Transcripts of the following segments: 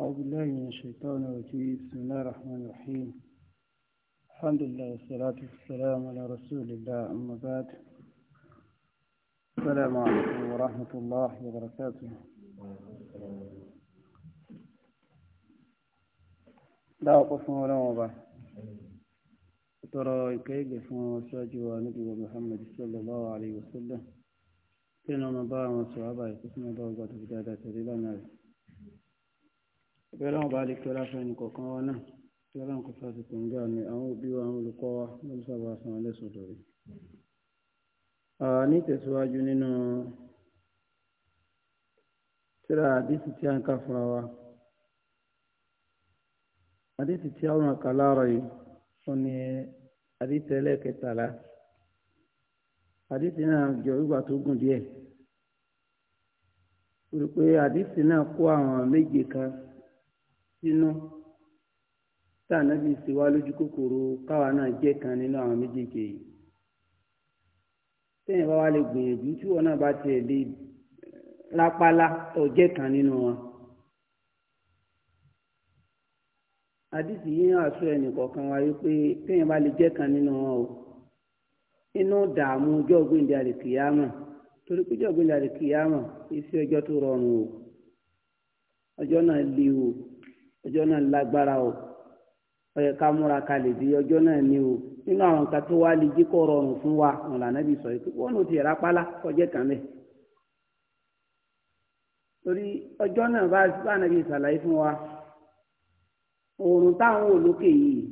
أعوذ بالله من الشيطان الرجيم بسم الله الرحمن الرحيم الحمد لله والصلاة والسلام على رسول الله أما بعد السلام عليكم ورحمة الله وبركاته لا أقف ولا أبا ترى كيف وساجي ونبي محمد صلى الله عليه وسلم كنا مضى وصحابه كما ضوء قد بدأت تقريبا ìbẹ̀rẹ̀ bá lè kí ọlọ́fẹ́ kọ̀ọ̀kan wa náà kí ọlọ́run kò fà sìkò ńgbà ni àwọn òbí wa àwọn olùkọ́ wa lọ́dún sábà san ní nínú tíra àdìsí tí a ń kà fúnra wa àdìsí tí a ń láàárọ̀ yìí ni àdìsí nínú tá ànábì sì wá lójú kòkòrò káwa náà jẹ́ kan nínú àwọn méjèèjì yìí téèyàn bá wá lè gbìyànjú tí wọn náà bá tiẹ̀ lè lápálá tó kan nínú wọn. àdìsí yìí hàn aṣọ ẹnìkọ̀ọ̀kan wa yìí pé téèyàn bá lè jẹ́ kan nínú wọn o inú dààmú ọjọ́ ògbéǹde àlèkìyàmọ̀ torí pé ọjọ́ ògbéǹde àlèkìyàmọ̀ kì í sí ọjọ́ tó rọrùn o ọjọ́ náà le o. ọjọ́ náà lágbára o ó yẹ ká múra kalẹ̀ bí ọjọ́ náà ní o nínú àwọn nǹkan tó wá lè jíkọ̀ rọrùn fún wa wọn là nábì sọ pé wọn ò ti rà kọjá kan torí ọjọ́ náà bá bá nàbí ìsàlàyé fún wa oòrùn táwọn ò lókè yìí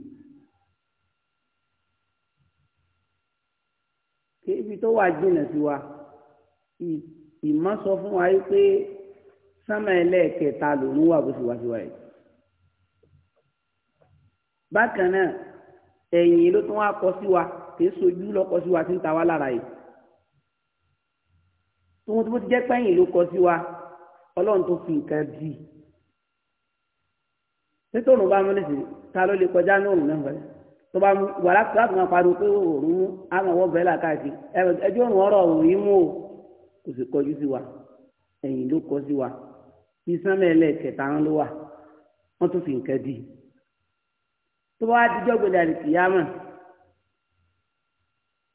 ibi tó wà jìnnà sí wa ìmọ̀ sọ fún wa yìí pé sámà ẹlẹ́ẹ̀kẹta lòún wà bó ṣe wá sí wa yìí. bákan náà ẹ̀yìn ló tún wá wa kì í sojú sí wa tí ń ta wá lára yìí tóun tó ti jẹ́ ló kọ wa ọlọ́run tó fi nǹkan bí i nítorí òun bá mú ta ló lè kọjá ní náà tó bá mú wàrà láti máa pariwo pé mú bẹ́ẹ̀ là káàkiri ẹjọ́ wa ẹ̀yìn ló kọ wa kẹta tó bá dijọ́ gbẹ̀dẹ̀ àlìkìyàmọ̀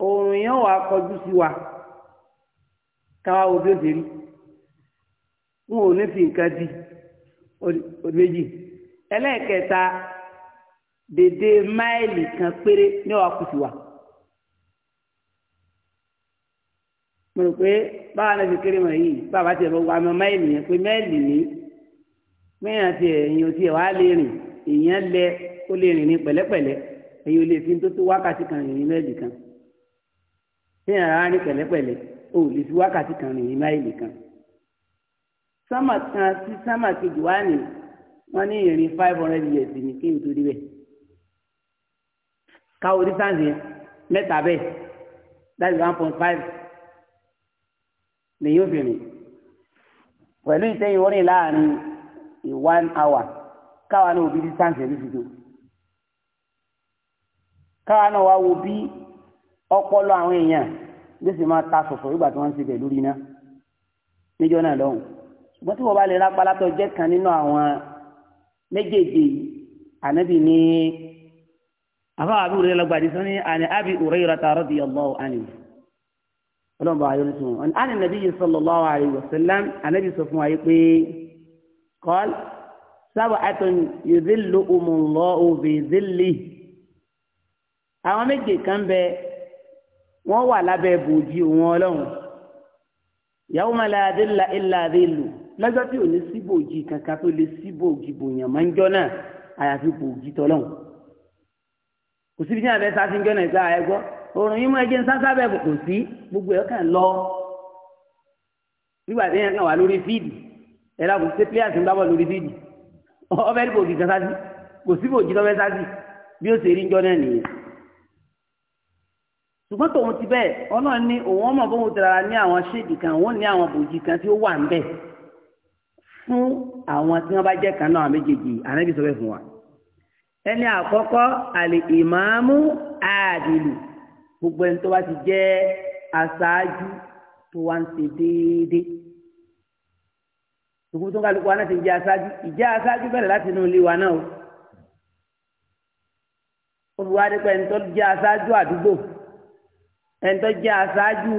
oòrùn yẹn wà kọjú sí wa káwa wo bí ó ṣe rí wọn ò ní fi nǹkan di méjì ẹlẹ́ẹ̀kẹta dèdè máìlì kan péré ní wàá kù sí wa. mo rò pé báwa náà fi kéré mọ̀ yìí bàbá tiẹ̀ bọ́ wà mọ́ máìlì yẹn pé máìlì ní mẹ́yàn tiẹ̀ yìí ó tiẹ̀ wá lè rìn èèyàn lẹ ó lè rìn ní pẹ̀lẹ́pẹ̀lẹ́ èyí ò lè fi tó tó wákàtí kan rìn ní mẹ́ẹ̀lì kan èèyàn rárá ní pẹ̀lẹ́pẹ̀lẹ́ ò lè fi wákàtí kan rìn ní máìlì kan sámà kan sí sámà kejì wá ní wọ́n ní ìrìn five hundred years ní kí n tó rí bẹ́ẹ̀ káwọ́ distance yẹn mẹ́ta bẹ́ẹ̀ that is one point five lèyìn òfin rìn pẹ̀lú ìtẹ́yìn orin láàrin one hour káwa náà òbí distance ẹ̀mí fìdó káwa náà wá wo bí ọpọlọ àwọn èèyàn ló sì máa ta sọ̀sọ̀ nígbà tí wọ́n ń ṣe bẹ̀ lórí iná níjọ́ náà lọ́hùn ṣùgbọ́n tí wọ́n bá lè rápálá tó jẹ́ kan nínú àwọn méjèèjì ànábì ní àfáà àbí òrèrè lọ́gbàdì sọ́ni àní àbí òrèrè rata radiyallahu anhu ọlọ́mọba ayọ́lẹ́ tí wọ́n àní nàbí yìí sallallahu alaihi wasallam ànábì sọ fún wa yìí pé kọ́l sábàtún yòzílù òmùlọ òbí zílì àwọn méje kan bẹ wọn wà lábẹ́ bòójì òun Ọlọ́run yàwó mọlẹ adéla ilà adélu lọ́jọ́ tí ò ní sí bòójì kankan tó lè sí bòójì bòyàn máa ń jọ náà àyàfi bòójì tọlọ́run kò síbi tí àbẹ sá sí ń jọ náà ìgbà ẹgbọ òrùn yìí mú ẹjẹ ń sáńsá bẹ kò sí gbogbo ẹ kàn lọ nígbà tí yẹn kàn wà lórí fíìdì ẹ lákòókò ṣe pílíàsì ń bá bọ lórí fíìdì ọbẹ̀ rí bòjì kan sáàsì kò sí bòjì lọ́fẹ́ sáàsì bí ó ṣe rí njọ́ náà nìyẹn ṣùgbọ́n tòun ti bẹ́ẹ̀ ọlọ́run ní òun ọmọ bóun ti rárá ní àwọn ṣéèdì kan òun ní àwọn bòjì kan tí ó wà ń bẹ̀ fún àwọn tí wọ́n bá jẹ́ kan náà méjèèjì ànábì sọ bẹ́ẹ̀ fún wa ẹni àkọ́kọ́ àlè ìmáàmù àdìlù gbogbo ẹni tó bá ti jẹ́ aṣáájú tó wá ń ṣe déédéé ṣùgbọ́n tó ń kálukú wa náà ti jẹ́ aṣáájú ìjẹ́ aṣáájú bẹ̀rẹ̀ láti inú ilé wa náà o ó pé ẹni tó jẹ́ aṣáájú àdúgbò ẹni tó jẹ́ aṣáájú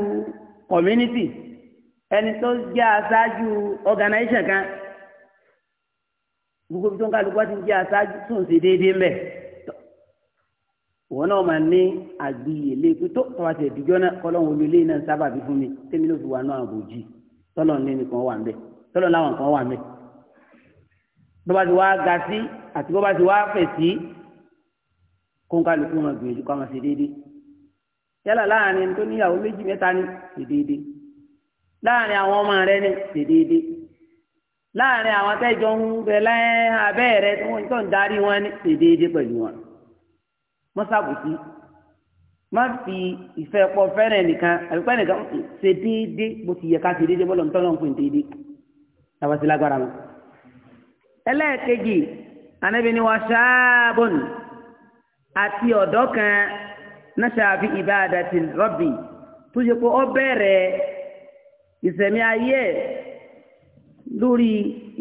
community ẹni tó jẹ́ aṣáájú organization kan gbogbo tó ń kálukú wa ti jẹ́ aṣáájú tó ń ṣe déédéé mbẹ́ wọn náà máa ní àgbìyèlé pé tó tọ́wọ́ ti ẹ̀dùjọ́ náà kọ́lọ́hún olú ilé náà sábàbí fún mi tèmi ló fi náà àbòjì tọ́lọ́ ní nìkan wà ń bẹ́ẹ̀ tọ́lọ̀ láwọn kan wà mẹ́ bó bá ti wá ga sí àti bó bá ti wá fẹ̀ sí kóńkálukú wọn gbìyànjú kó wọn ṣe déédéé yálà láàrin ẹni tó níyàwó méjì mẹ́ta ni ṣe déédéé láàrin àwọn ọmọ rẹ ni ṣe déédéé láàrin àwọn tẹ́jọ ń bẹ lẹ́yìn abẹ́ rẹ tí wọ́n tó ń darí wọn ni ṣe déédéé pẹ̀lú wọn mọ́sàbùsí má fi ìfẹ́ pọ̀ fẹ́rẹ̀ nìkan àbípẹ́ nìkan ṣe déédéé bó ti yẹ ká ṣe déédéé bọ́lọ̀ ń tọ́lọ́ ń déédéé tàbá sí lágbára mọ́. ẹlẹ́ẹ̀kejì anabi ni wa ṣaabun àti ọ̀dọ́ kan náṣàfi ìbáadàtì rọ́bì tó ṣe pé ó bẹ̀rẹ̀ ìsẹ̀mí ayé lórí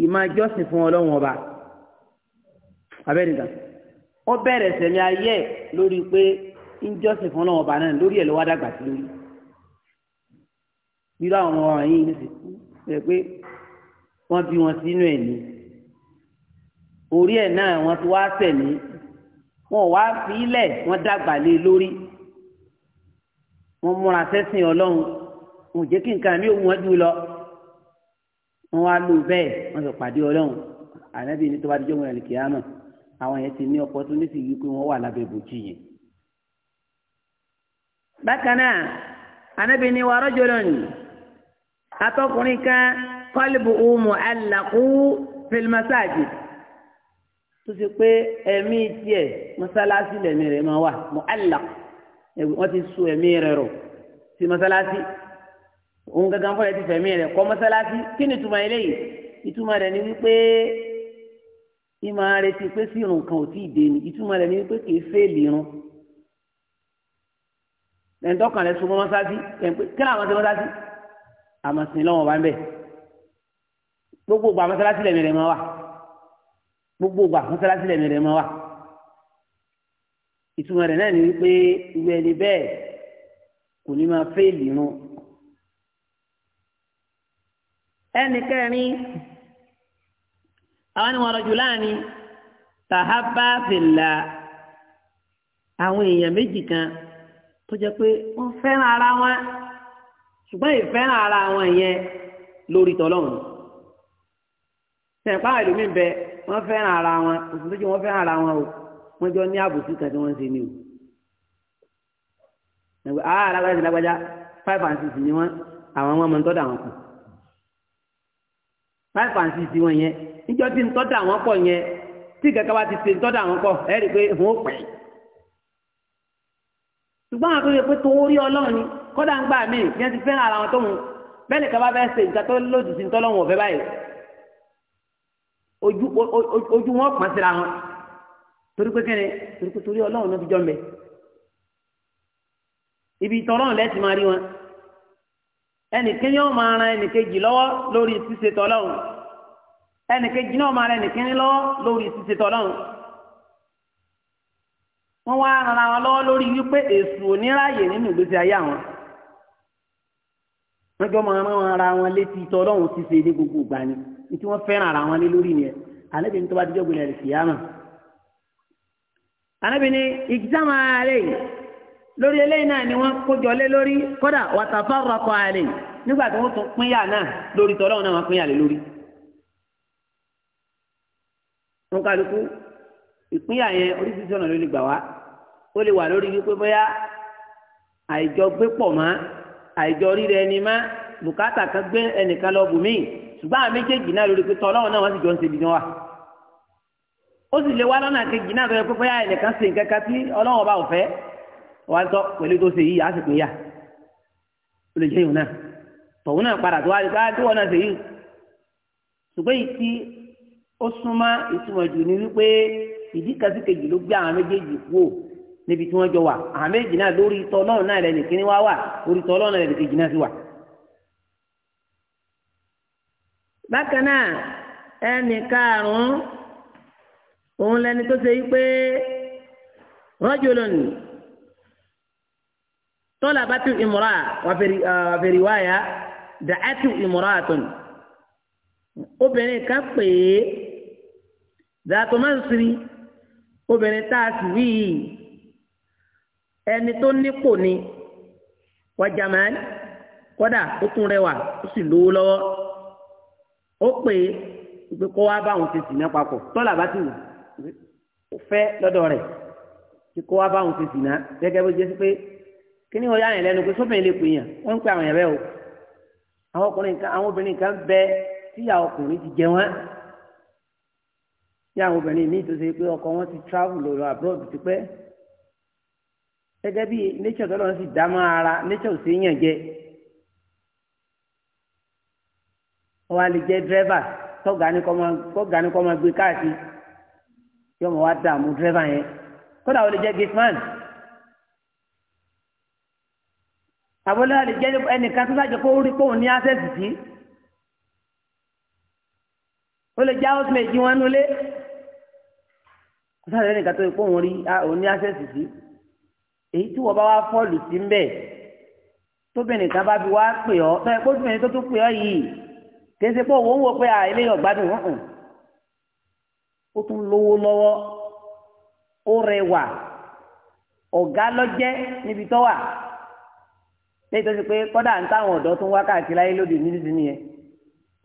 ìmájọ́sìn fún ọlọ́run ọba abẹ́nìkan ó bẹ̀rẹ̀ ìsẹ̀mí ayé lórí pé ìjọsìn fún ọlọ́run ọba náà lórí ẹ̀ ló wá dàgbà sí lórí. bí láwọn ọmọ wọn yìí ní sèkú ẹ pé wọ́n bí wọn sínú ẹ̀ ní orí ẹ̀ náà wọ́n ti wá sẹ̀ ní wọ́n wá fi ilẹ̀ wọ́n dàgbà lé e lórí wọ́n múra sẹ́sìn ọlọ́run wọn ò jẹ́ kí nǹkan mi ò wọ́n jù lọ wọ́n wá lò bẹ́ẹ̀ wọ́n sọ pàdé ọlọ́run ànábì ní tó bá dijọ́ wọn ẹ̀lẹ́kì àmọ́ àwọn yẹn ti ní opportunity yìí pé wọ́n wà lábẹ́ bòjì yẹn. bákan náà ànábì ní wàá rọ́jò lónìí atọ́kùnrin kan kọ́lìbù umu alákú fìlímọ́sáàjì tó ti pé ẹ̀mí tiẹ̀ mọ́sálásí lẹ̀mí rẹ̀ máa wà mọ́ alá wọ́n ti sun ẹ̀mí rẹ̀ rọ̀ sí mọ́sálásí òun gangan fọlẹ́ ti fẹ̀mí rẹ̀ kọ́ mọ́sálásí kí ni ìtumọ̀ eléyìí ìtumọ̀ rẹ̀ ni wípé ìmọ̀ retí pé sí irun kan ò tí ì dé ni ìtumọ̀ rẹ̀ ni wípé kì í fẹ́ẹ̀lì irun ẹ̀ńtọ́kàn mọ́sálásí kí àwọn ti mọ́sálásí àmọ̀sìn lọ́wọ́ bá ń bẹ̀ gbogbo ìgbà mọ́sálásí lẹ́mìí rẹ̀ máa wà gbogbo ìgbà mọ́sálásí lẹ́mìí rẹ̀ máa wà ìtumọ̀ rẹ̀ náà ni wípé ìwé ẹni bẹ́ẹ̀ kò ní máa fẹ́ẹ̀lì run ẹnì kẹrin àwọn ni wọn rọjò láàrin tàhábà fìlà àwọn èèyàn méjì kan tó jẹ pé wọn fẹ́ràn ara wọn ṣùgbọ́n ìfẹ́ràn ara wọn yẹn lórí tọlọ́run sẹ̀ǹpá àwọn ẹlòmíì bẹ ara wọn òsùn tó ara wọn o wọ́n jọ ní àbòsí kan tí ni o. ẹ̀gbẹ́ ah ti lágbájá five and six ni wọ́n àwọn ọmọ ń tọ́da wọn kù. five and six wọn yẹn níjọ́ tí ń tọ́da wọn pọ̀ yẹn tí kẹ̀kẹ́ bá ti ṣe ń tọ́da wọn pọ̀ ẹ̀ rí i pé wọ́n pẹ̀. ṣùgbọ́n àwọn tó pé torí ọlọ́run ni kọ́dà ń gbà ojú ojú wọn pọ̀ síra wọn torí pé kẹ́ni torí pé torí ọlọ́run náà fi jọ ń bẹ ibi tọ́lọ́run lẹ́sìn máa rí wọn ẹnìkan yóò máa ran ẹnìkejì lọ́wọ́ lórí ṣíṣe tọ́lọ́run ẹnìkejì náà máa ran ẹnìkejì lọ́wọ́ lórí ṣíṣe tọ́lọ́run wọ́n wá ran àwọn lọ́wọ́ lórí wípé èṣù oníráyè nínú ìgbésí ayé àwọn wọ́n jọ máa rán ara wọn létí tọ́lọ́run ṣíṣe ní gbogbo ìgbà ni ní tí wọ́n fẹ́ràn ara wọn ní lórí nìyẹn ànábì ní tó bá dijọ́ gbìlẹ̀ rẹ̀ fìyàmà ànábì ní ìjàmà ààrẹ lórí eléyìí náà ni wọ́n kójọ lé lórí kódà wàtàfà rọkọ ààrẹ nígbà tí wọ́n tún pínyà náà lórí tọ́lọ́run náà wọ́n pínyà lé lórí. wọn kálukú ìpínyà yẹn oríṣiríṣi ọ̀nà ló lè gbà wá ó lè wà lórí wípé bóyá àìjọ gbé pọ̀ mọ́ àìjọ rírẹ ẹni má bùkátà kan gbé ẹnìkan lọ bùmíì ṣùgbọ́n àwọn méjèèjì náà lórí pé tọ́lọ́wọ́n náà wọ́n sì jọ ń ṣe ibi wọn. ó sì lè wá lọ́nà kejì náà tọ́jú pé bóyá ẹnìkan ṣe nǹkan kan tí ọlọ́wọ́n bá òfẹ́ wá sọ pẹ̀lú tó ṣe yìí àsìkò yà ó lè jẹ́ ìhùn náà tọ̀hún náà padà tó wá rí káàdì wọn náà ṣe yìí. ṣùgbọ́n yìí tí ó súnmọ́ ìtumọ̀ jù ní wípé ìdí kan sí kejì ló gbé àwọn méjèèjì kúò níbi tí wọ́n jọ wà àwọn méjèèjì náà lórí tọ́lọ́run náà lẹ́nìkíní wá wà orí tọ́lọ́run náà lẹ́nìkejì náà sì wà. bákan náà ẹnì karùn-ún òun lẹni tó ṣe wípé rọ́jòlónì tọ́lá bá tún ìmúra wàfẹ̀rì wáyà dàátù ìmúra àtún obìnrin kan pè é dàtọ́mọ́sìrì obìnrin tá a sì wí ẹni tó nípò ni wàjàmẹ́ kódà ó tún rẹwà ó sì lówó lọ́wọ́ ó pè é pé kó wá báwọn ti sìn náà papọ̀ tọ́lá bá ti wù ó fẹ́ lọ́dọ̀ rẹ̀ kí kó wá báwọn ti sìn náà gẹ́gẹ́ bó jẹ́ sí pé kí ni wọ́n yá yẹn lẹ́nu pé sóbìnrin lè pè yàn wọ́n ń pè àwọn yẹn bẹ́ẹ̀ o àwọn ọkùnrin kan àwọn obìnrin kan bẹ tíyà ọkùnrin ti jẹ wọn tí àwọn obìnrin míì tó ṣe pé ọkọ wọn ti travel lọ abroad ti pẹ́ gẹ́gẹ́ bí nature tọ́lọ́ sì dá mọ́ ara nature ò sí yàn jẹ wọn wá lè jẹ́ dírẹ́fà tọ́gà ni kọ́ máa gbé káàkiri yóò mọ̀ wá dààmú dírẹ́fà yẹn kódà wọ́n lè jẹ́ gateman àbọ̀lẹ́ wọ́n lè jẹ́ ẹnìkan tó sáàjọ kó rí kóun ní access sí ó lè jẹ́ house mate wọn nulẹ̀ kó sáàjọ ẹnìkan tó rí kóun rí òun ní access sí èyí tí wọ́n bá wá fọ́ọ̀lù sí ń bẹ̀ tóbìnrin kan bá fi wá pè ọ́ tó yẹ tó tún pè ọ́ yìí. kèsì pé òun a wo pé à otu ọ̀gbádùn hàn ó tún lówó lọ́wọ́ ó rẹwà ọ̀gá lọ́jẹ́ níbi kọda wà lẹ́yìn tó ti pé kọ́dà ń táwọn ọ̀dọ́ tó ń wá káàkiri láyé lóde nídìí nìyẹn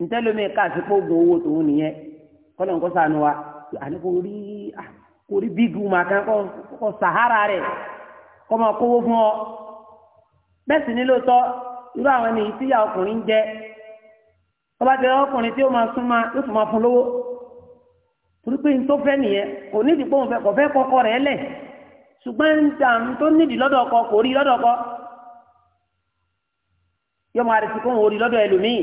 ntẹ́lómi káàsì pé oògùn owó tòun nìyẹn ń sànù wa àní kò rí kò rí máa kówó fún ọ sì ọba jẹ ọkùnrin tí ó máa súnmọ́ yóò tún máa fún lówó torí pé nítorí fẹ́ nìyẹn kò nídìí pé òun fẹ́ kọ̀ fẹ́ kọ́kọ́ rẹ̀ lẹ̀ ṣùgbọ́n níta tó nídìí lọ́dọ̀ ọkọ kò rí lọ́dọ̀ ọkọ yọ máa retí kóhun orí lọ́dọ̀ ẹlòmíì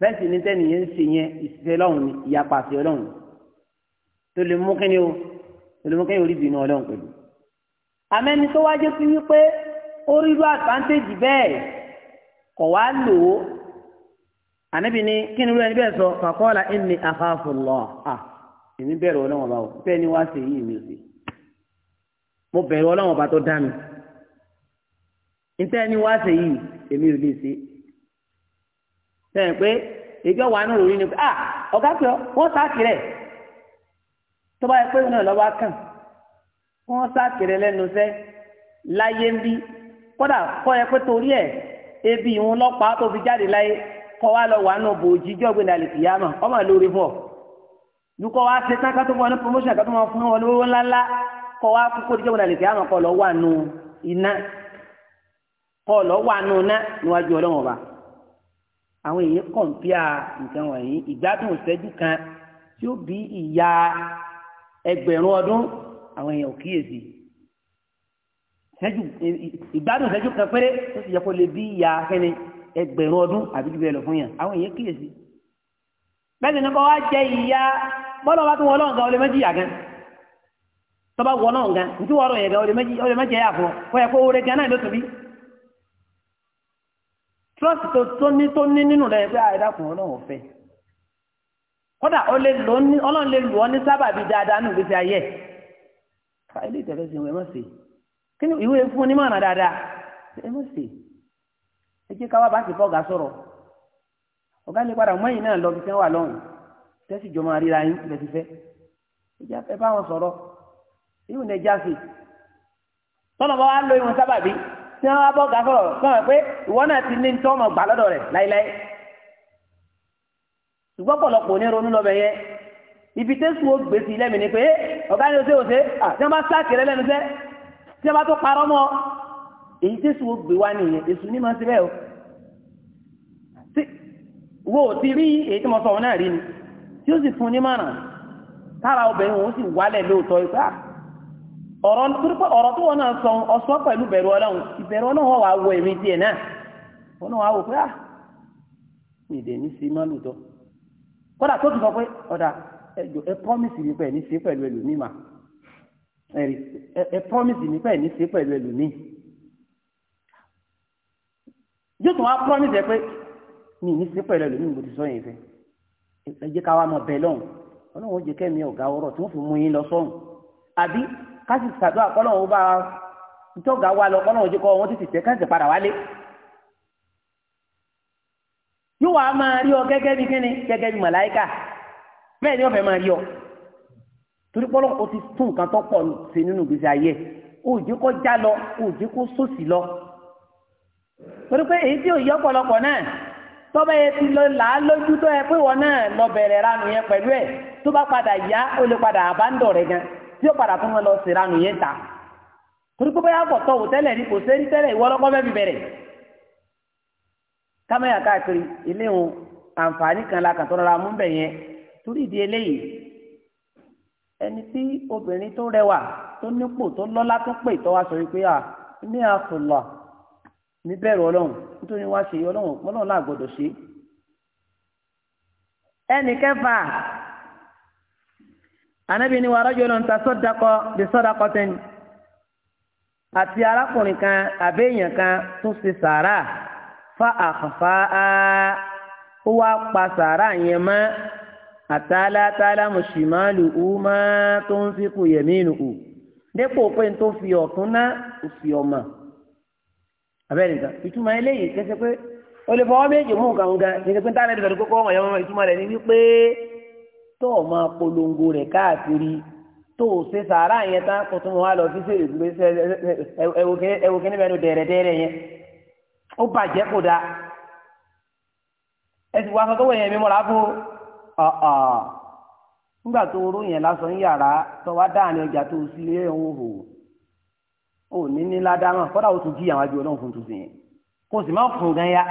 fẹ́ǹsì ní sẹ́niyẹn ń ṣe yẹn ìṣiṣẹ́ lọ́hùn ìyapa àti ọlọ́hùn tó lè mú kíni o tó lè mú kíni orí bìnú ọlọ́hùn pẹ̀lú. àmẹ́ni tó wájú sí wípé ó rí lọ́ àtàǹtẹ̀jì bẹ́ẹ̀ kọ̀ wá lò ó ànábì ní kí ni wúlò ẹni bẹ́ẹ̀ sọ fàkọ́ọ̀lá inni akhafullah à ah, èmi bẹ̀rù ọlọ́wọ́n bá wò bẹ́ẹ̀ ni wàá ṣe yìí mi sí mo bẹ̀rù ọlọ́wọ́n bá tó dá mi ntẹ́ wàá ṣe yìí èmi ò lè ṣe sẹ́yìn pé ìjọ wà nù lórí ni pé ah ọ̀gá pé wọ́n sáàkì rẹ̀ tó bá yẹ pé òun náà lọ́wọ́ kàn wọ́n sáàkì rẹ̀ lẹ́nu sẹ́ láyé ń bí kódà kọ́ yẹ pé torí ẹ̀ ebi ìhun lọ́pàá tó fi jáde láyé kọ́ wa lọ wà nù bòójì jọ́gbìn dàlẹ́ kìyàmọ̀ ọmọ lórí fún ọ dukọ wa ṣe tán kátó fún ní promotion kátó máa fún ọ lówó ńláńlá kọ wa kókó díjọ́ wọlé àlèkè àmọ́ kọ lọ wà nù iná kọ lọ wà nù iná níwájú ọlọ́wọ́n ọba àwọn èèyàn kọ̀ǹpìà nǹkan wọ̀nyí ìgbádùn ìṣẹ́jú kan tí ó bí ìyá ẹgbẹ̀rún ọdún àwọn èèyàn ò kíyèsí ìgbádùn ìṣẹ́jú kan péré tó sì yẹ kó lè bí ìyá kẹ́ni ẹgbẹ̀rún ọdún àbí jù bẹ́ẹ̀ fún yàn àwọn èèyàn kíyèsí bẹ́ẹ̀ ni kọ́ wá jẹ ìyá bọ́lọ̀ tún wọ́n lọ́nà gan méjì yàgán tọ́ba wọ́n náà gan nítorí wọ́n rọ̀ méjì fún ọ oore gan náà ló tóbi trust tó ní tó ní nínú pé àìdá lè lù ọ ní dáadáa nù gbèsè ilé ìwé mọ̀ sí kí ni ìwé fún onímọ̀ràn dáadáa mọ̀ sí ẹ jẹ́ káwá báńkì fọ́ọ̀gà sọ̀rọ̀ ọ̀gá lè padà mọ́yìn náà lọ fi fẹ́ wà lọ́hùn tẹ́sí jọ máa ríra yín tibẹ̀ ti fẹ́ ẹ jẹ́ ẹ bá wọn sọ̀rọ̀ yóò ní ẹja sí tọ́nà bá wà lọ ìwọ̀n sábàbí tí wọ́n bá bọ́ọ̀gà sọ̀rọ̀ sọ̀rọ̀ pé ìwọ náà ti ní ní tọ́mọ̀ gbà lọ́dọ̀ rẹ̀ láíláí ṣùgbọ́n pọ̀lọpọ̀ ní ronú lọ́bẹ̀ yẹn ibi tẹ́sùn ó gbèsè lẹ́mìí ni pé ọ̀gá ni ó ṣe ó ṣe tí wọ́n bá sáàkì rẹ lẹ́nu iṣẹ́ tí wọ́n bá tó parọ́ mọ́ èyí tẹ́sù wo gbé wá nìyẹn èsù ní máa ń o wo ti rí èyí tí mo sọ náà rí ni tí ó sì fún ní mọ̀nà tára obìnrin òun sì wálẹ̀ lóòótọ́ ipá ah, ọ̀rọ̀ ọ̀rọ̀ tó wọn náà sọ ọ̀sọ́ pẹ̀lú bẹ̀rù ọlọ́run ìbẹ̀rù ọlọ́run wà wọ èmi náà wọn náà wà wò pé ah, ní ní sí má lùtọ́ kódà tó ti sọ pé ọ̀dà ẹ promise mi jésù wa promise ẹ pé mi ní sí pẹ̀lú ẹlòmíì mo ti sọ yẹn fẹ́ ẹ jẹ́ ká wa mọ bẹ́ẹ̀ lọ́hùn ọlọ́run ó jẹ́ kẹ́mi ọ̀gá ọ̀rọ̀ tí wọ́n fi mú yín lọ sọ́hùn àbí ká sì ṣàdúrà kọ́lọ́run ó bá ntọ́gà wa lọ kọ́lọ́run jẹ́ kọ́ wọn tètè tẹ́ káńtì padà wálé yóò wá máa rí ọ gẹ́gẹ́ bí kíni gẹ́gẹ́ bí màláìkà bẹ́ẹ̀ ni wọ́n fẹ́ máa rí ọ torí pọ́lọ́ o ti tún nǹkan tó pọ̀ ṣe nínú ìgbésí ayé òjì kó já lọ torí pé èyí tí ò yọ ọ̀pọ̀lọpọ̀ náà tọ́bẹ̀ yẹn ti lọ là á lójú tó yẹ pé wọn náà lọ bẹ̀rẹ̀ ranu yẹn pẹ̀lú ẹ̀ tó bá padà yá ó lè padà àbándọ̀ rẹ̀ gan tí ó padà tún wọn lọ sí ranu yẹn ta torí pé bóyá kò tọ̀ wò tẹ́lẹ̀ ní kò sẹ́rí tẹ́lẹ̀ ìwọ́lọ́kọ́ bẹ́ẹ̀ fi bẹ̀rẹ̀ kámẹ́yà káàkiri ilé wọn àǹfààní kan la kàn tó mú bẹ̀ yẹn torí ìdí eléyìí ẹni tí obìnrin tó rẹwà tó nípò tó lọ́lá tó pè tó wá sọ wípé à ní àfùlọ̀ níbẹ̀rù ọlọ́run nítorí wá ṣe ọlọ́run ọlọ́run náà gbọ́dọ̀ ṣe. ẹnì kẹfà anabi ni wàá rọ́jò lọ́nta sọ́dakọ di sọ́dakọ tẹ́ni àti arákùnrin kan àbẹ́yàn kan tó ṣe sàárà fa àkàfà á ó wá pa sàárà yẹn mọ́ àtàlátàlá mùsùlùmálù ó máa tó ń fi kù yẹ̀mí nù ú dépò pé n tó fi ọ̀tún ná òfì ọ̀mọ̀. abẹ́rẹ́ nǹkan ìtumọ̀ eléyìí kẹsẹ̀ pé o lè fọwọ́ méjì mú nǹkan kẹsẹ̀ pé táwọn ẹ̀dẹ̀bẹ̀rẹ̀ kókó ọmọ ìyàwó ìtumọ̀ rẹ̀ ni wípé tó o máa polongo rẹ̀ káàkiri tó o ṣe sàárà yẹn tán kó tó lọ sí níbẹ̀ ló dẹ̀rẹ̀ yẹn ó bàjẹ́ kó da sì wá ò ní ní ládàmà kọ́dà ó tún jíyàwó àjò ọlọ́run fún tuntun yẹn kò sì má fún gan ya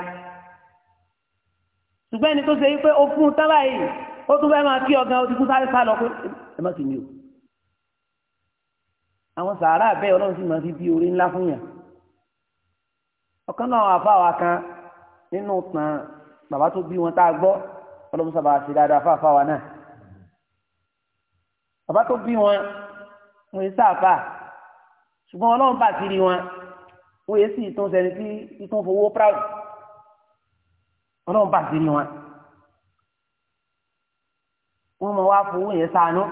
ṣùgbọ́n ẹni tó ṣe pé ó fún tábà yìí ó tún fẹ́ máa kí ọgàn ó ti kú sáré sá lọ pé ẹ má sì ní o àwọn sàárà bẹ́ẹ̀ ọlọ́run sì máa fi bí orí ńlá fún yàn ọ̀kan náà àfa wa kan nínú tàn bàbá tó bí wọn tá a gbọ́ ọlọ́run sábà ṣe dáadáa fáfá wa náà bàbá tó bí wọn wọn ṣe sáà ṣùgbọ́n ọlọ́run bá ti rí wọn ó yẹ sí ìtún sẹni tí ìtún fowó proud ọlọ́run bá ti rí wọn wọ́n mọ̀ wá fowó yẹn sànú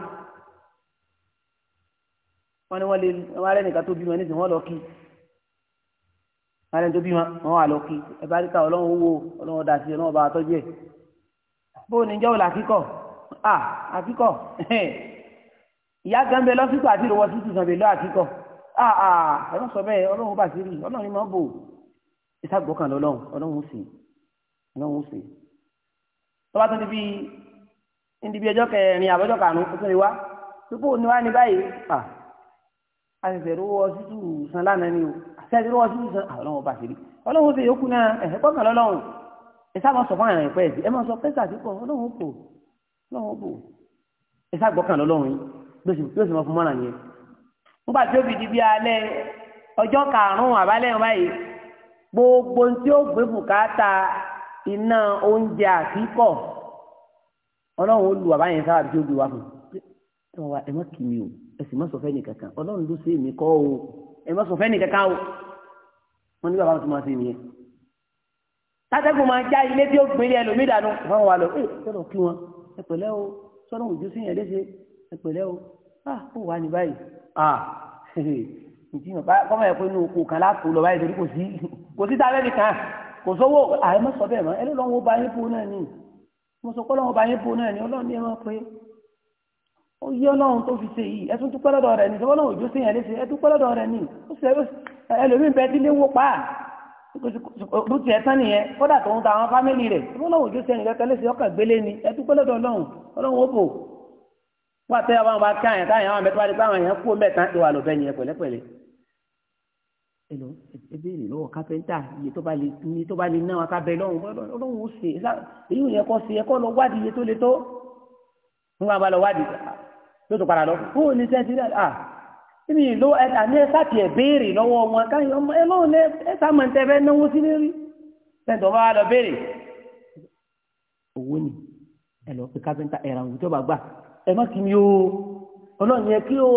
wọ́n ní wọ́n lè wọ́n rẹ́ nìkan tó bímọ ní ìsìn wọ́n lọ kí wọ́n rẹ́ tó bímọ wọ́n wà lọ kí ẹ bá rí ká ọlọ́run owó ọlọ́run dà sí ọlọ́run bá tọ́jú ẹ̀ bó o ní jọ́wọ́ làkíkọ̀ à àkíkọ̀ ìyá gan lọ́sítọ̀ àti ìrọwọ́ sítù lọ́ àkíkọ̀ àà ah, ẹ̀rọ ah, sọ bẹ́ẹ̀ ọlọ́run bá sí rí ọlọ́run ni máa bò ìsàgbọ́kàn lọ́lọ́run ọlọ́run sì ọlọ́run sì. tọ́ba tó ti bí níbi ẹjọ́ kẹrin àbọ́jọ́ karùn-ún tó tún lè wá pípò ní wá ní báyìí à á sì fẹ́ rówó ọsítù san lánàá ni o àṣẹ́sí rówó ọsítù san ọlọ́run bá sí rí ọlọ́run sì yókù náà ẹ̀hẹ́ gbọ́kàn lọ́lọ́run ìsàmọ̀ sọ fún àwọn ẹ̀pẹ́ ẹ̀sì ẹ̀ máa sọ pẹ́sà sí pọ̀ ọlọ́run bò ọlọ́run bò ìsàgbọ́kàn lọ́lọ́run yìí ló sì máa fún mọ́ràn yẹn nígbà tí ó fi di bí alẹ́ ọjọ́ karùn-ún àbálẹ̀ báyìí gbogbo tí ó gbé bùkátà iná oúnjẹ àfikọ̀ ọlọ́run ó lu àbáyẹn sábà tí ó gbé wá fún ẹ wá ẹ má kì mí o ẹ sì má sọ fẹ́ nìkankan ọlọ́run ló ṣe èmi kọ́ o ẹ má sọ fẹ́ nìkankan o wọn ní bàbá mi tó máa ṣe nìyẹn tátẹ́gùn máa já ilé tí ó gbé ilé ẹlòmíì dànù wọn wà lọ ẹ sọ̀rọ̀ kí wọn ẹ pẹ̀lẹ́ o sọ́dọ̀ òjò sí yẹn léṣe ẹ pẹ̀lẹ́ o ah ó wà ní báyìí ǹjẹ́ ah, yóò bá kọ́mọ yẹ pé inú oko kan láti lọ báyìí torí kò sí kò sí tábẹ́ nìkan kò sówó àyè mọ̀ sọ bẹ́ẹ̀ mọ́ ẹlẹ́ lọ́wọ́ bá yín bó náà ni mo sọ pé lọ́wọ́ bá yín bó náà ni ọlọ́run ní ẹ máa pé ó yí ọlọ́run tó fi ṣe yìí ẹ tún dúpẹ́ lọ́dọ̀ ni sọ́wọ́n náà òjò sí yẹn léṣe ẹ dúpẹ́ lọ́dọ̀ rẹ̀ ni ó ṣe ẹlòmíín bẹ́ẹ̀ dílé wó pa ló tiẹ̀ tán nìyẹn kódà tòun ta àwọn fámìlì rẹ̀ sọ́wọ́n náà òjò sí yẹn léṣe ọkàn gbélé ni ẹ dúpẹ́ lọ́dọ̀ ọlọ́run ọlọ́run ó bò wọ́n àti àwọn bá ká yẹn táyà wọn bẹ tó wá di pé àwọn yẹn kó mẹ́ta ti wà lọ́bẹ̀ yẹn pẹ̀lẹ́pẹ̀lẹ́. èlò ebéèrè lọ́wọ́ kápẹ́ńtà iye tó bá lè ní tó bá lè ná wọn kábẹ́ lọ́hùn lọ́hùn ó sè é èyí ò yẹ kó sè é kó lọ wádìí iye tó le tó. wọ́n máa bá lọ wádìí ló tó padà lọ fún òní sẹ́ńtírì à ní ìlú ẹ̀ta ní ẹ̀sà tiẹ̀ béèrè lọ́wọ́ wọn káyọ̀ ọmọ ẹ lọ́hùn ẹ̀sà mọ̀ ní tẹ́fẹ́ náwó sí lérí sẹ́ńtọ̀ bá wà lọ béèrè. owó ni ẹ lọ fi kápẹ́ńtà ẹ̀ràn òwúrọ̀ bá gbà ẹ má mi o ọlọ́run yẹ kí o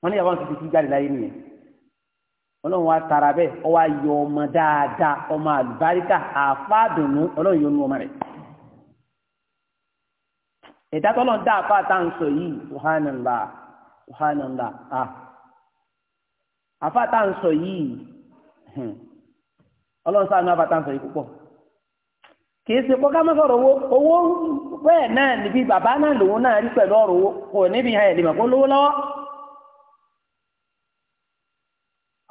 wọn ní ìyàwó àwọn tuntun jáde láyé nìyẹn ọlọ́run wa tara bẹ́ẹ̀ ọ yọ ọmọ dáadáa ọmọ àlùbáríkà àfáàdùnú ọlọ́run yọ nu ọmọ rẹ̀ ẹ̀dá dá apá àtàǹsọ yìí kìí ṣe kọ́ ká sọ̀rọ̀ owó owó bẹ́ẹ̀ náà níbi bàbá náà lòun náà rí pẹ̀lú ọ̀rọ̀ owó kò níbi ìhà ẹ̀lẹ́mọ̀ kó lówó lọ́wọ́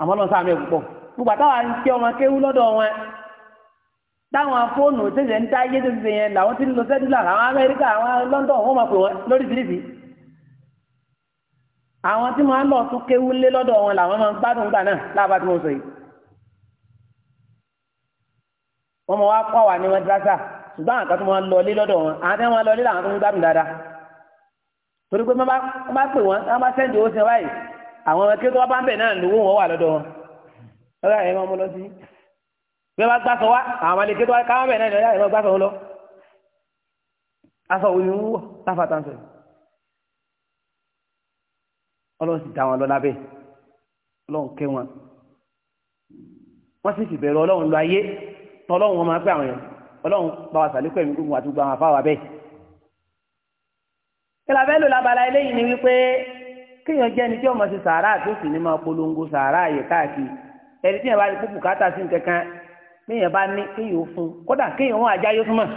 àmọ́ lọ sáà mi púpọ̀ gbogbo àtàwọn ń kí ọmọ kéwú lọ́dọ̀ wọn táwọn fóònù tẹ̀sẹ̀ ń dá iye yẹn làwọn ti ń sẹ́dúlà àwọn Amẹ́ríkà àwọn London máa pè àwọn tí lọ tún kéwú lé lọ́dọ̀ wọn làwọn máa wọ́n mọ̀ wá kọ́ wa ní madrasa ṣùgbọ́n àwọn kan tó máa lọ lé lọ́dọ̀ wọn àwọn tó máa lọ lé làwọn tó ń gbádùn dáadáa torí pé wọ́n bá pè wọ́n wọ́n bá sẹ́ǹdì owó sí wọn báyìí àwọn ẹ̀kẹ́ tó wá bá ń bẹ̀ náà lówó wọn wà lọ́dọ̀ wọn lọ́dọ̀ ẹ̀ máa mú lọ sí bí wọ́n bá gbà sọ wá àwọn ẹ̀kẹ́ tó wá káwọn bẹ̀ náà lọ́dọ̀ ẹ̀ máa gbà sọ wọn lọ. ọlọ́run sì dá ọlọ́run lọ ayé tọ́lọ́run wọn máa pẹ́ àwọn yẹn ọlọ́run bá wa sàlékò ẹ̀mí gbogbo àti gbogbo àwọn afáwà bẹ́ẹ̀. kílà fẹ́ lò lábala eléyìí ni wípé kéèyàn jẹ́ ẹni tí ọmọ sí sàárà tó sì ní máa polongo sàárà yẹ káàkiri ẹni tí yẹn bá rí kó bùkátà sí nǹkankan kéèyàn bá ní kéèyàn ó fún kódà kéèyàn wọn àjá yóò túmọ̀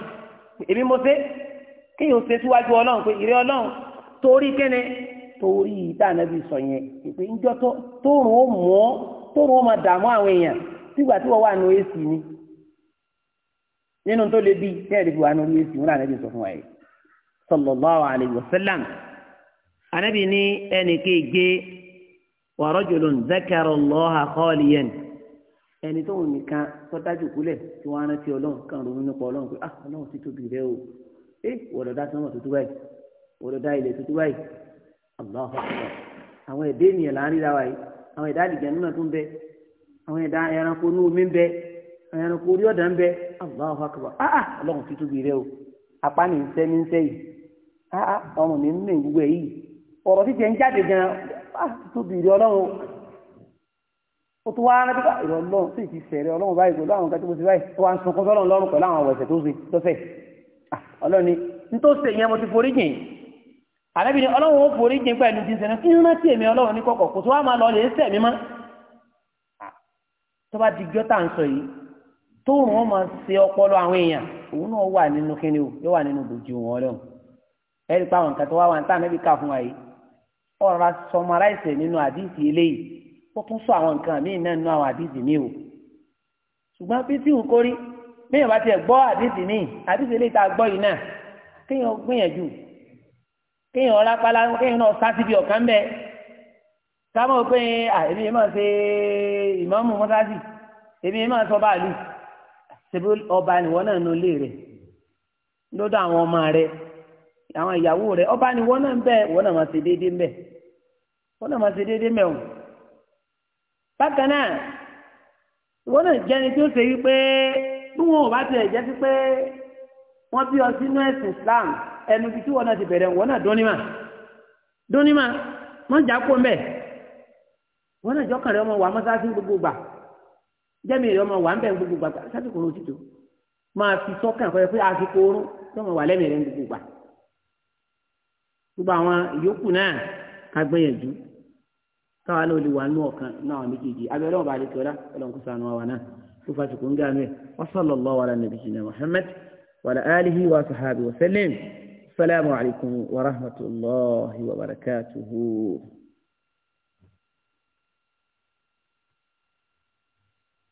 èmi mo ṣe kéèyàn ó ṣe síwájú ọlọ́run pé ìrẹ́ ọlọ́run torí kíni torí ìtànàbí sọ yẹn ìpè ńjọ́ tó rùn ó mọ́ tó rùn ó máa dààmú àwọn èèyàn sígbà tí wọ́n wà ní oèsì ni nínú tó lè bí tẹ́ẹ̀rí fi wà nínú yéésì wọn ànábì sọ fún wa yìí sallallahu alayhi wa sallam ànábì ní ẹnì kéèké wa rajulun zakara allaha khaliyan ẹni tó wọn nìkan tó dájú kulẹ̀ tí wọn rántí ọlọ́run kan ronú nípa ọlọ́run pé ah ọlọ́run ti tóbi rẹ o ẹ eh, wọ́dọ̀ dá sánmọ̀ tuntun báyìí wọ́dọ̀ dá ilẹ̀ tuntun báyìí allah akbar àwọn ẹ̀dá ènìyàn là ń ríra wa àwọn ẹ̀dá àlìjẹ́ nínú tó bẹ àwọn ẹ̀dá ẹranko ní omi ń bẹ àwọn ẹranko orí ọ̀dà ń bẹ Allahu akbar áà ah, ah, ọlọ́run ti tóbi rẹ o apá ní nsẹ́ nse yi yìí ah, ah ń mè yìí ọ̀rọ̀ ń jáde gan tóbi rẹ ọlọ́run o tó wá rẹ pé ìrọ̀ ọlọ́run sì ti fẹ̀rẹ̀ ọlọ́run báyìí pẹ̀lú àwọn báyìí wá ń sọ́lọ́run lọ́rùn ọlọ́run ni nítòsí mo ti forí jìn tóòrùn wọn máa ṣe ọpọlọ àwọn èèyàn òun náà wà nínú kíni o yóò wà nínú bòjú wọn lọ ẹni pa àwọn nǹkan tó wá wà níta níbi ká fún wa yìí ọ̀rọ̀ sọmaráìsì nínú àdìsí eléyìí ó tún sọ àwọn nǹkan míì náà nínú àwọn àdìsí míì o ṣùgbọ́n bí tí n kò rí bíyàn bá tiẹ̀ gbọ́ àdìsí míì àdìsí eléyìí tá a gbọ́ yìí náà kéèyàn gbìyànjú kéèyàn ọlápálá kéèyàn náà sá síbi ọ̀kan bẹ́ẹ̀ ká mọ̀ pé máa ṣe ìmáàmù mọ́sáàsì èmi máa sọ báàlù ṣebí ọba nìwọ náà nù ilé rẹ lọ́dọ̀ àwọn ọmọ rẹ àwọn ìyàwó rẹ ọba nìwọ náà ń bẹ wọn náà máa ṣe déédéé ń bẹ wọn náà máa ṣe déédéé ń bẹ o bákan náà ìwọ náà jẹni tí ó ṣe wípé bí wọn ò bá tiẹ̀ jẹ́ sí pé wọ́n bí ọ sínú ẹ̀sìn Islam ẹnu bíi tí wọn náà ti bẹ̀rẹ̀ wọn náà dúnímà dúnímà wọ́n jà kó ń bẹ̀ wọ́n náà jọ́kàn rẹ ọmọ wà mọ́sáàsì gbogbo gbà jẹ́mi ọmọ wà ń bẹ̀ gbogbo gbàgbà sásìkò oorun ma máa fi sọ́kàn kọ́ ẹ pé àsìkò oorun tọ́mọ wà lẹ́mìí rẹ̀ ń gbogbo gbà gbogbo àwọn ìyókù náà ká gbìyànjú káwa náà lè wà nú ọ̀kan náà méjèèjì ọlọ́run sànù wa náà kó fàṣìkò ń gàmẹ́ wa sallallahu ala nabiyyina wa ala alihi wa sahbihi wa sallam assalamu wa